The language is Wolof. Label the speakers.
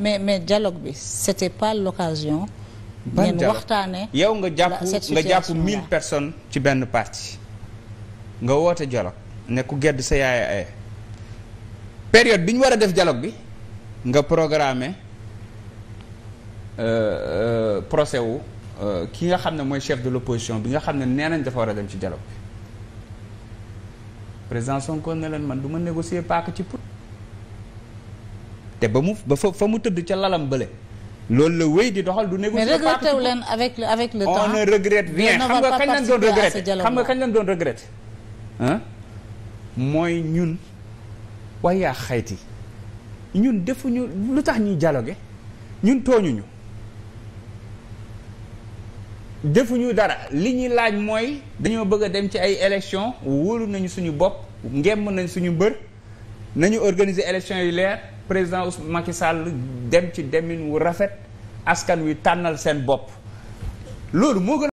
Speaker 1: mais mais dialogue bi c'était pas l'occasion ngeen waxtaane yow nga jàpp nga jàpp mille
Speaker 2: personnes ci benn parti nga woote dialogue ne ku gedd sa yaay aye période bi ñu war a def dialogue bi nga programmer euh, euh, procès wu euh, ki nga xam ne mooy chef de l'opposition bi nga xam ne nee nañ dafa war a dem ci dialogue bi président Sonko ne leen man du ma négocier paak ci put te ba mu ba fa fa mu tëdd ca lalam bële loolu la wéy di doxal du négocier. mais regretté wu leen
Speaker 1: avec avec le temps on ne regrette rien xam nga kañ lañ doon regretté kañ
Speaker 2: lañ doon regretté ah mooy ñun waaye yaa xayti ñun defuñu lu tax ñuy jaloge ñun tooñuñu defuñu dara li ñuy laaj mooy dañoo bëgg a dem ci ay élection wóolu nañu suñu bopp ngemm nañ suñu mbër nañu organiser élection yu leer président Ousmane Macky Sall dem ci demin wu rafet askan wi tànnal seen bopp loolu moo gën